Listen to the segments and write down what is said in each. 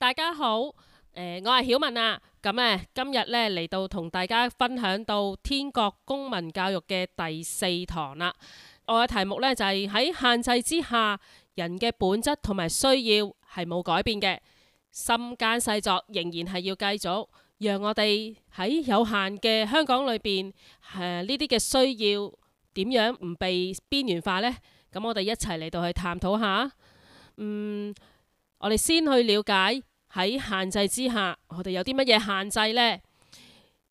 大家好，誒，我係曉文啊。咁呢，今日呢嚟到同大家分享到天國公民教育嘅第四堂啦。我嘅題目呢就係喺限制之下，人嘅本質同埋需要係冇改變嘅，深耕細作仍然係要繼續，讓我哋喺有限嘅香港裏邊誒呢啲嘅需要點樣唔被邊緣化呢？咁我哋一齊嚟到去探討下。嗯。我哋先去了解喺限制之下，我哋有啲乜嘢限制呢？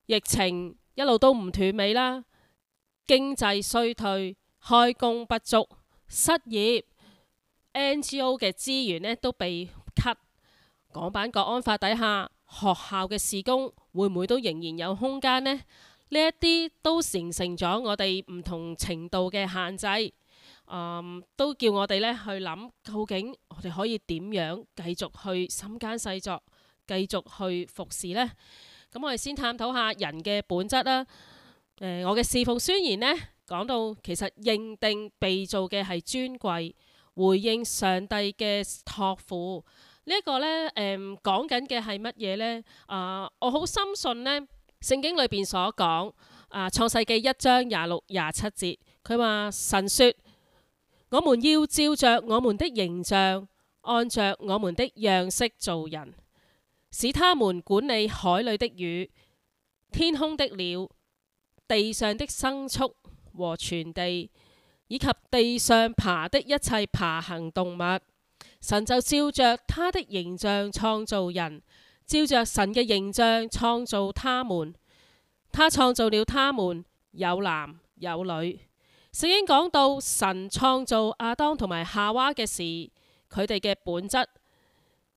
疫情一路都唔斷尾啦，經濟衰退、開工不足、失業、NGO 嘅資源呢都被 cut。港版《國安法》底下，學校嘅事工會唔會都仍然有空間呢？呢一啲都形成咗我哋唔同程度嘅限制。Um, 都叫我哋咧去諗，究竟我哋可以點樣繼續去深耕細作，繼續去服侍呢？咁我哋先探討下人嘅本質啦、呃。我嘅侍奉宣言呢，講到其實認定被造嘅係尊貴，回應上帝嘅託付呢一個咧，誒講緊嘅係乜嘢呢？啊、呃呃，我好深信呢聖經裏邊所講啊、呃，創世記一章廿六廿七節，佢話神說。我們要照着我們的形象，按着我們的樣式做人，使他們管理海裏的魚、天空的鳥、地上的牲畜和全地，以及地上爬的一切爬行動物。神就照着他的形象創造人，照着神嘅形象創造他們。他創造了他們，有男有女。首先講到神創造亞當同埋夏娃嘅事，佢哋嘅本質，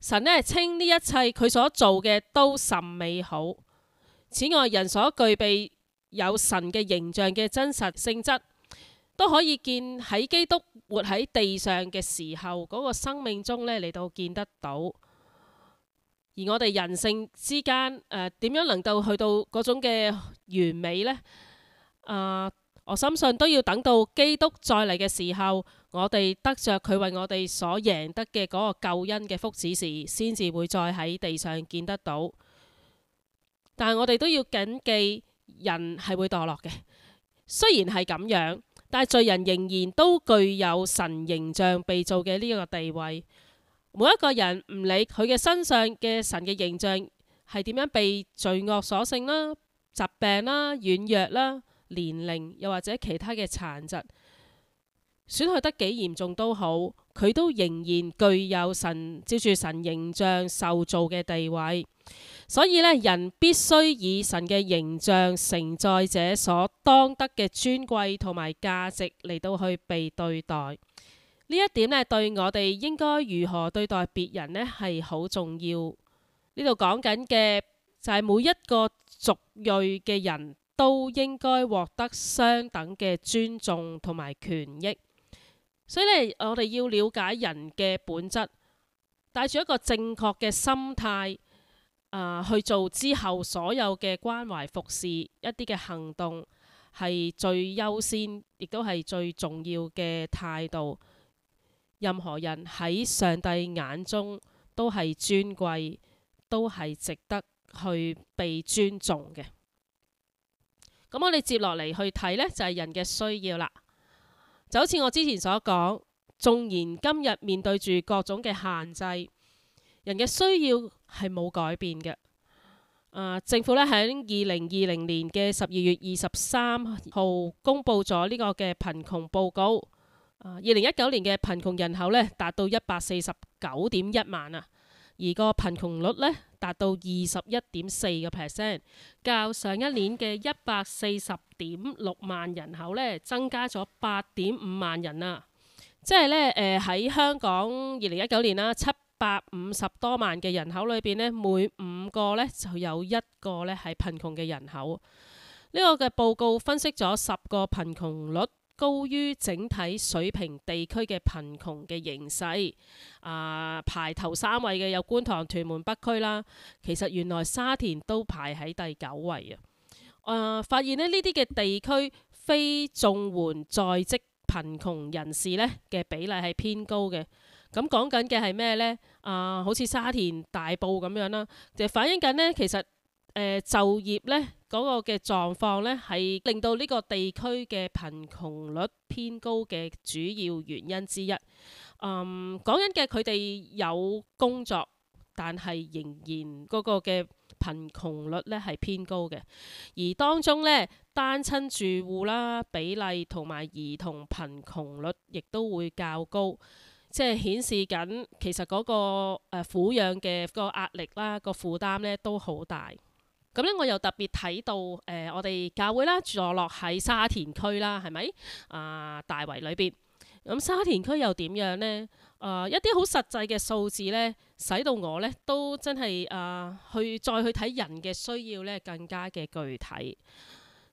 神咧係稱呢一切佢所做嘅都甚美好。此外，人所具備有神嘅形象嘅真實性質，都可以見喺基督活喺地上嘅時候嗰、嗰個生命中咧嚟到見得到。而我哋人性之間誒點樣能夠去到嗰種嘅完美呢？呃我深信都要等到基督再嚟嘅時候，我哋得着佢為我哋所贏得嘅嗰個救恩嘅福祉時，先至會再喺地上見得到。但係我哋都要謹記，人係會墮落嘅。雖然係咁樣，但係罪人仍然都具有神形象被造嘅呢一個地位。每一個人唔理佢嘅身上嘅神嘅形象係點樣被罪惡所勝啦、疾病啦、軟弱啦。年齡又或者其他嘅殘疾損害得幾嚴重都好，佢都仍然具有神照住神形象受造嘅地位，所以呢，人必須以神嘅形象承載者所當得嘅尊貴同埋價值嚟到去被對待。呢一點呢，對我哋應該如何對待別人呢，係好重要。呢度講緊嘅就係每一個族裔嘅人，都應該獲得相等嘅尊重同埋權益，所以咧，我哋要了解人嘅本質，帶住一個正確嘅心態，呃，去做之後所有嘅關懷服侍一啲嘅行動，係最優先，亦都係最重要嘅態度。任何人喺上帝眼中都係尊貴，都係值得去被尊重嘅。咁我哋接落嚟去睇呢，就係人嘅需要啦。就好似我之前所講，縱然今日面對住各種嘅限制，人嘅需要係冇改變嘅。呃，政府呢，喺二零二零年嘅十二月二十三號公布咗呢個嘅貧窮報告。二零一九年嘅貧窮人口呢，達到一百四十九點一萬啊。而個貧窮率呢，達到二十一點四個 percent，較上一年嘅一百四十點六萬人口呢，增加咗八點五萬人啊！即係呢，誒、呃、喺香港二零一九年啦，七百五十多萬嘅人口裏邊呢，每五個呢就有一個呢係貧窮嘅人口。呢、這個嘅報告分析咗十個貧窮率。高於整體水平地區嘅貧窮嘅形勢，啊、呃、排頭三位嘅有觀塘、屯門、北區啦，其實原來沙田都排喺第九位啊。誒、呃，發現呢呢啲嘅地區非綜援在職貧窮人士呢嘅比例係偏高嘅。咁講緊嘅係咩呢？啊、呃，好似沙田、大埔咁樣啦，就反映緊呢，其實。呃、就業呢嗰個嘅狀況呢，係令到呢個地區嘅貧窮率偏高嘅主要原因之一。嗯，講緊嘅佢哋有工作，但係仍然嗰個嘅貧窮率呢係偏高嘅。而當中呢，單親住戶啦比例同埋兒童貧窮率亦都會較高，即係顯示緊其實嗰個誒撫養嘅個壓力啦、個負擔呢都好大。咁咧，我又特別睇到誒、呃，我哋教會啦，坐落喺沙田區啦，係咪？啊、呃，大圍裏邊，咁沙田區又點樣呢？啊、呃，一啲好實際嘅數字呢，使到我呢都真係啊、呃，去再去睇人嘅需要呢更加嘅具體。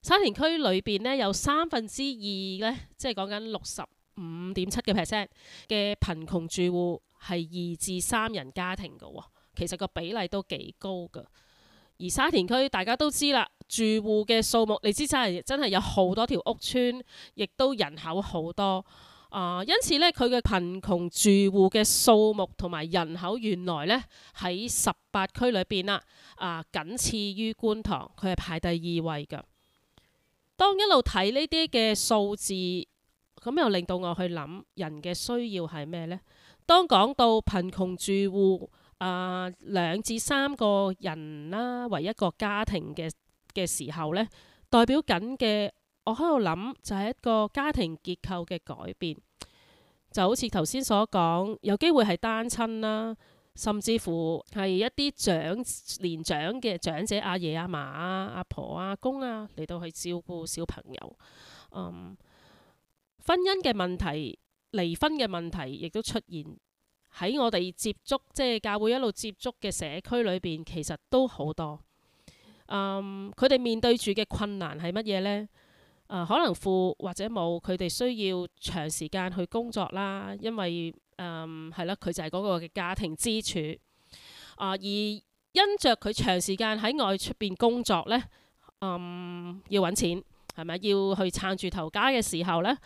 沙田區裏邊呢，有三分之二呢，3, 即係講緊六十五點七嘅 percent 嘅貧窮住戶係二至三人家庭噶、哦，其實個比例都幾高噶。而沙田區大家都知啦，住戶嘅數目，你知真係真係有好多條屋村，亦都人口好多。啊、呃，因此咧，佢嘅貧窮住戶嘅數目同埋人口原來咧喺十八區裏邊啦，啊、呃，僅次於觀塘，佢係排第二位嘅。當一路睇呢啲嘅數字，咁又令到我去諗人嘅需要係咩呢？當講到貧窮住戶。啊、呃，兩至三個人啦，為一個家庭嘅嘅時候呢，代表緊嘅，我喺度諗就係一個家庭結構嘅改變，就好似頭先所講，有機會係單親啦，甚至乎係一啲長年長嘅長者阿爺阿嫲、啊、阿婆啊、阿公啊，嚟到去照顧小朋友。嗯，婚姻嘅問題、離婚嘅問題亦都出現。喺我哋接觸，即係教會一路接觸嘅社區裏邊，其實都好多。嗯，佢哋面對住嘅困難係乜嘢呢？呃，可能父或者母，佢哋需要長時間去工作啦，因為嗯係啦，佢就係嗰個嘅家庭支柱。呃，而因着佢長時間喺外出邊工作呢，嗯，要揾錢，係咪？要去撐住頭家嘅時候呢。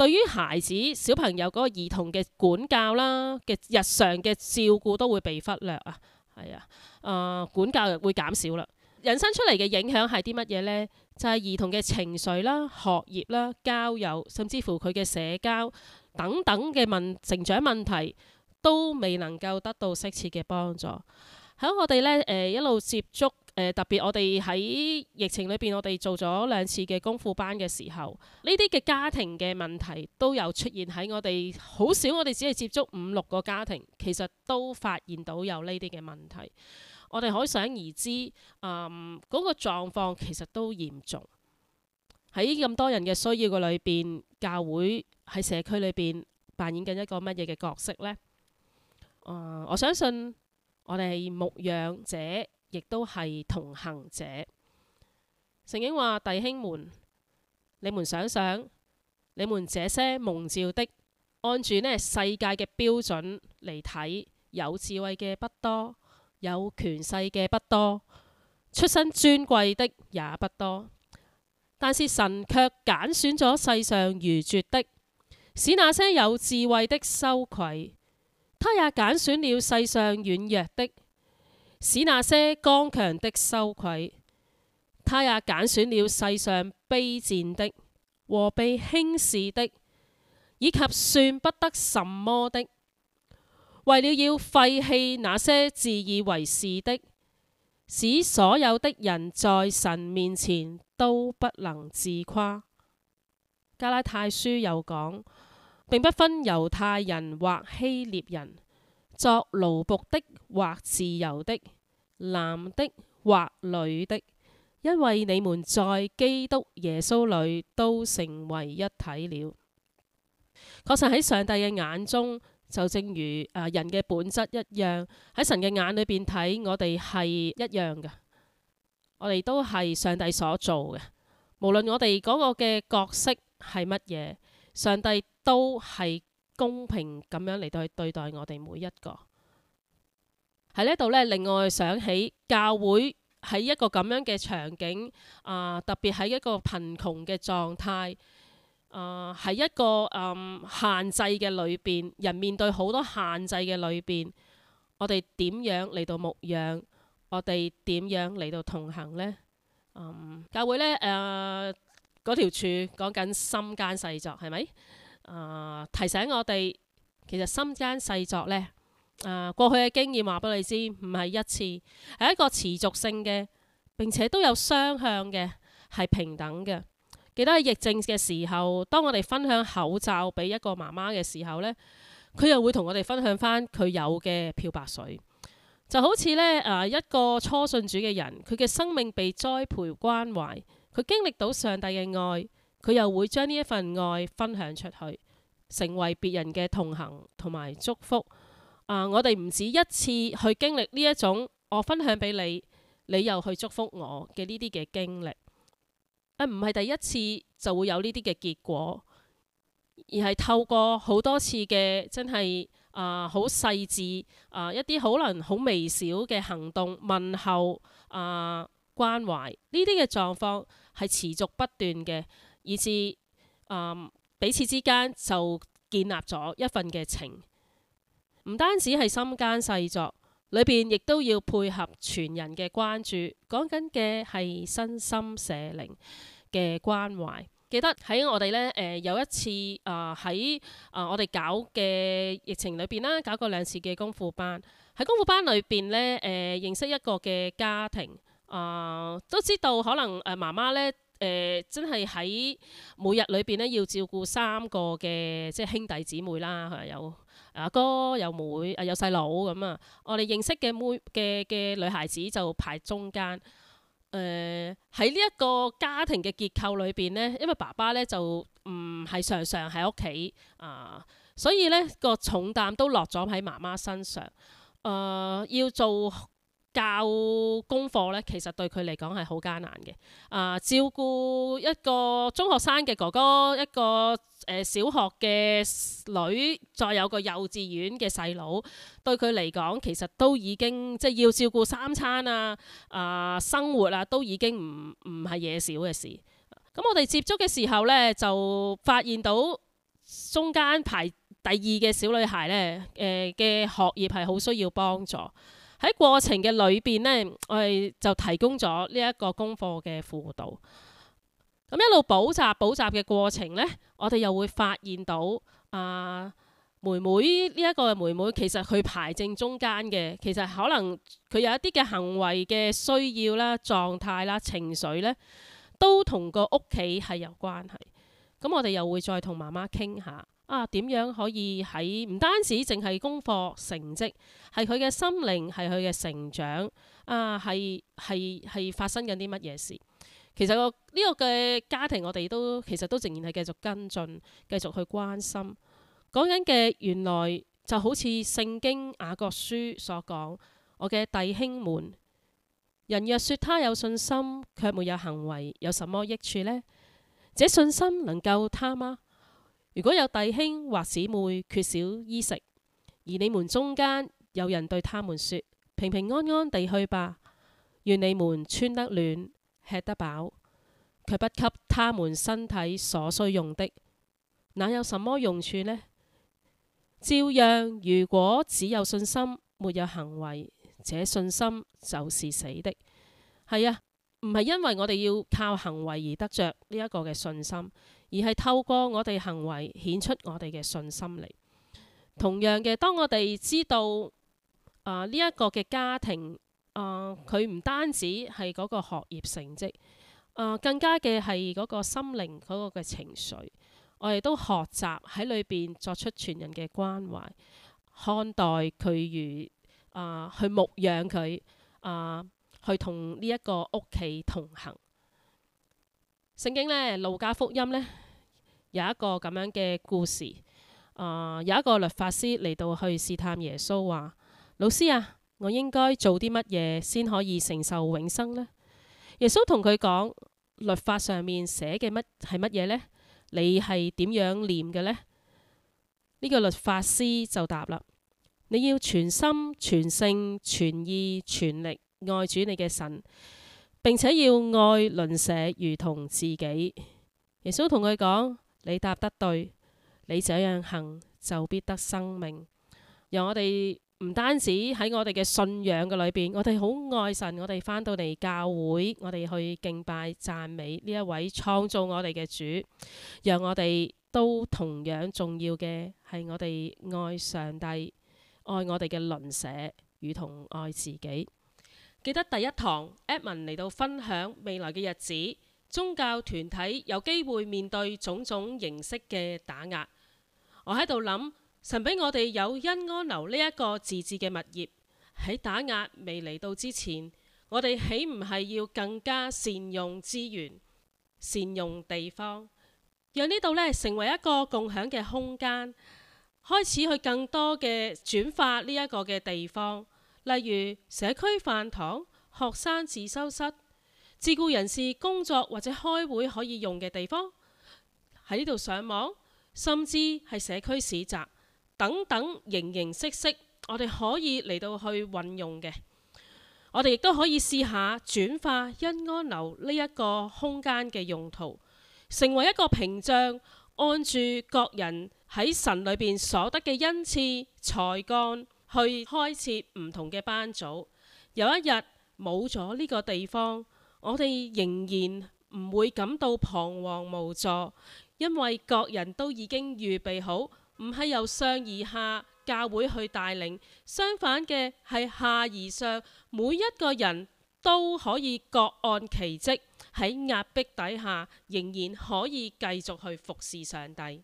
對於孩子小朋友嗰個兒童嘅管教啦，嘅日常嘅照顧都會被忽略啊。係啊、呃，管教會減少啦。引申出嚟嘅影響係啲乜嘢呢？就係、是、兒童嘅情緒啦、學業啦、交友，甚至乎佢嘅社交等等嘅問成長問題，都未能夠得到適切嘅幫助。喺我哋呢誒、呃、一路接觸。呃、特別我，我哋喺疫情裏邊，我哋做咗兩次嘅功夫班嘅時候，呢啲嘅家庭嘅問題都有出現喺我哋。好少，我哋只係接觸五六個家庭，其實都發現到有呢啲嘅問題。我哋可想而知，嗯，嗰、那個狀況其實都嚴重。喺咁多人嘅需要嘅裏邊，教會喺社區裏邊扮演緊一個乜嘢嘅角色呢、嗯？我相信我哋係牧養者，亦都係同行者。聖經話弟兄們，你們想想，你們這些蒙召的，按住呢世界嘅標準嚟睇，有智慧嘅不多，有權勢嘅不多，出身尊貴的也不多。但是神卻揀選咗世上愚拙的，使那些有智慧的羞愧。他也揀選了世上軟弱的。使那些剛強的羞愧，他也揀選了世上卑賤的和被輕視的，以及算不得什麼的，為了要廢棄那些自以為是的，使所有的人在神面前都不能自誇。加拉太書又講，並不分猶太人或希臘人。作奴僕的或自由的，男的或女的，因為你們在基督耶穌裏都成為一體了。確實喺上帝嘅眼中，就正如人嘅本質一樣，喺神嘅眼裏邊睇我哋係一樣嘅，我哋都係上帝所做嘅，無論我哋嗰個嘅角色係乜嘢，上帝都係。公平咁樣嚟到去對待我哋每一個喺呢度呢，令我想起教會喺一個咁樣嘅場景啊、呃，特別喺一個貧窮嘅狀態啊，喺、呃、一個嗯限制嘅裏邊，人面對好多限制嘅裏邊，我哋點樣嚟到牧養？我哋點樣嚟到同行呢？嗯、教會呢，誒、呃、嗰條柱講緊深耕細作係咪？誒、呃，提醒我哋，其實深耕細作呢，誒、呃，過去嘅經驗話俾你知，唔係一次，係一個持續性嘅，並且都有雙向嘅，係平等嘅。記得喺疫症嘅時候，當我哋分享口罩俾一個媽媽嘅時候呢，佢又會同我哋分享翻佢有嘅漂白水，就好似呢誒、呃，一個初信主嘅人，佢嘅生命被栽培關懷，佢經歷到上帝嘅愛。佢又會將呢一份愛分享出去，成為別人嘅同行同埋祝福。啊、呃，我哋唔止一次去經歷呢一種，我分享俾你，你又去祝福我嘅呢啲嘅經歷。誒、呃，唔係第一次就會有呢啲嘅結果，而係透過好多次嘅真係啊，好、呃、細致啊、呃，一啲可能好微小嘅行動、問候啊、呃、關懷呢啲嘅狀況，係持續不斷嘅。以至、嗯，彼此之間就建立咗一份嘅情，唔單止係深耕細作，裏邊亦都要配合全人嘅關注。講緊嘅係身心社靈嘅關懷。記得喺我哋呢誒、呃、有一次，啊喺啊我哋搞嘅疫情裏邊啦，搞過兩次嘅功夫班。喺功夫班裏邊呢，誒、呃、認識一個嘅家庭，啊、呃、都知道可能誒媽媽咧。誒、呃、真係喺每日裏邊咧，要照顧三個嘅即係兄弟姊妹啦，係有阿哥有妹啊有細佬咁啊？我哋認識嘅妹嘅嘅女孩子就排中間。誒喺呢一個家庭嘅結構裏邊呢，因為爸爸呢就唔係常常喺屋企啊，所以呢個重擔都落咗喺媽媽身上。誒、呃、要做。教功課咧，其實對佢嚟講係好艱難嘅。啊、呃，照顧一個中學生嘅哥哥，一個誒、呃、小學嘅女，再有個幼稚園嘅細佬，對佢嚟講，其實都已經即係要照顧三餐啊，啊、呃、生活啊，都已經唔唔係嘢少嘅事。咁我哋接觸嘅時候咧，就發現到中間排第二嘅小女孩咧，誒、呃、嘅學業係好需要幫助。喺過程嘅裏邊呢，我哋就提供咗呢一個功課嘅輔導。咁一路補習補習嘅過程呢，我哋又會發現到啊，妹妹呢一個妹妹其實佢排正中間嘅，其實可能佢有一啲嘅行為嘅需要啦、狀態啦、情緒呢，都同個屋企係有關係。咁我哋又會再同媽媽傾下。啊，點樣可以喺唔單止淨係功課成績，係佢嘅心靈，係佢嘅成長啊，係，係，係發生緊啲乜嘢事？其實個呢個嘅家庭，我哋都其實都仍然係繼續跟進，繼續去關心。講緊嘅原來就好似聖經雅各書所講，我嘅弟兄們，人若說他有信心，卻沒有行為，有什麼益處呢？這信心能救他嗎？如果有弟兄或姊妹缺少衣食，而你們中間有人對他們說：平平安安地去吧，願你們穿得暖、吃得飽，卻不給他們身體所需用的，那有什麼用處呢？照樣，如果只有信心，沒有行為，這信心就是死的。係啊，唔係因為我哋要靠行為而得着呢一個嘅信心。而係透過我哋行為顯出我哋嘅信心嚟。同樣嘅，當我哋知道啊呢一個嘅家庭啊，佢、呃、唔單止係嗰個學業成績啊、呃，更加嘅係嗰個心靈嗰個嘅情緒，我哋都學習喺裏邊作出全人嘅關懷，看待佢與啊去牧養佢啊，去同呢一個屋企同行。聖經呢，《路加福音》呢，有一個咁樣嘅故事。呃，有一個律法師嚟到去試探耶穌話：老師啊，我應該做啲乜嘢先可以承受永生呢？耶穌同佢講，律法上面寫嘅乜係乜嘢呢？你係點樣念嘅呢？呢個律法師就答啦：你要全心、全性、全意、全力愛主你嘅神。並且要愛鄰舍如同自己。耶穌同佢講：你答得對，你這樣行就必得生命。讓我哋唔單止喺我哋嘅信仰嘅裏邊，我哋好愛神，我哋返到嚟教會，我哋去敬拜讚美呢一位創造我哋嘅主。讓我哋都同樣重要嘅係我哋愛上帝，愛我哋嘅鄰舍，如同愛自己。記得第一堂，Edwin 嚟到分享未來嘅日子，宗教團體有機會面對種種形式嘅打壓。我喺度諗，神俾我哋有恩安留呢一個自治嘅物業，喺打壓未嚟到之前，我哋豈唔係要更加善用資源、善用地方，讓呢度咧成為一個共享嘅空間，開始去更多嘅轉化呢一個嘅地方。例如社區飯堂、學生自修室、自僱人士工作或者開會可以用嘅地方，喺呢度上網，甚至係社區市集等等，形形色色，我哋可以嚟到去運用嘅。我哋亦都可以試下轉化恩安樓呢一個空間嘅用途，成為一個屏障，按住各人喺神裏邊所得嘅恩賜才幹，去開設唔同嘅班組。有一日冇咗呢個地方，我哋仍然唔會感到彷徨無助，因為各人都已經預備好，唔係由上而下教會去帶領，相反嘅係下而上，每一個人都可以各按其職，喺壓迫底下仍然可以繼續去服侍上帝。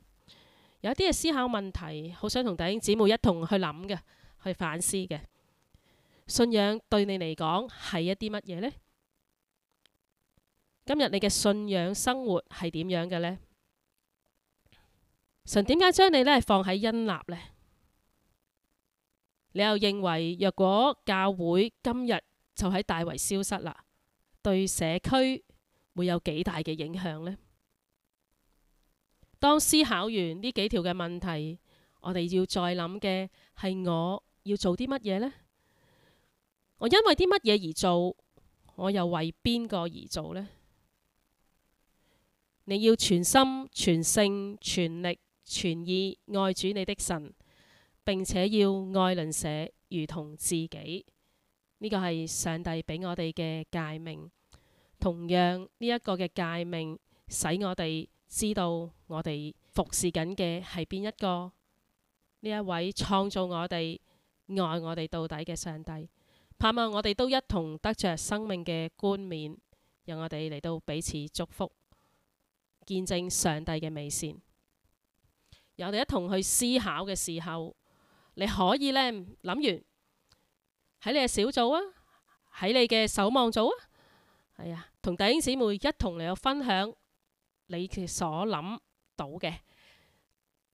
有一啲嘅思考問題，好想同弟兄姊妹一同去諗嘅，去反思嘅，信仰對你嚟講係一啲乜嘢呢？今日你嘅信仰生活係點樣嘅呢？神點解將你呢放喺恩納呢？你又認為若果教會今日就喺大圍消失啦，對社區會有幾大嘅影響呢？當思考完呢幾條嘅問題，我哋要再諗嘅係我。要做啲乜嘢呢？我因為啲乜嘢而做？我又為邊個而做呢？你要全心、全性、全力、全意愛主你的神，並且要愛鄰舍如同自己。呢個係上帝俾我哋嘅誡命。同樣呢一個嘅誡命，使我哋知道我哋服侍緊嘅係邊一個呢一位創造我哋愛我哋到底嘅上帝，盼望我哋都一同得着生命嘅冠冕，讓我哋嚟到彼此祝福，見證上帝嘅美善。由我哋一同去思考嘅時候，你可以呢？諗完喺你嘅小組啊，喺你嘅守望組啊，係啊，同弟兄姊妹一同嚟到分享你所諗到嘅，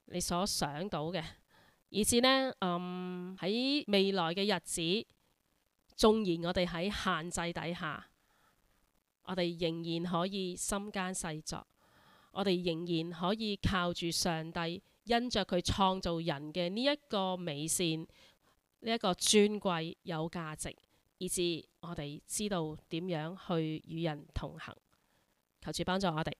你所想到嘅。以至呢，嗯，喺未來嘅日子，縱然我哋喺限制底下，我哋仍然可以深耕細作，我哋仍然可以靠住上帝，因着佢創造人嘅呢一個美善，呢、這、一個尊貴有價值，以至我哋知道點樣去與人同行，求主幫助我哋。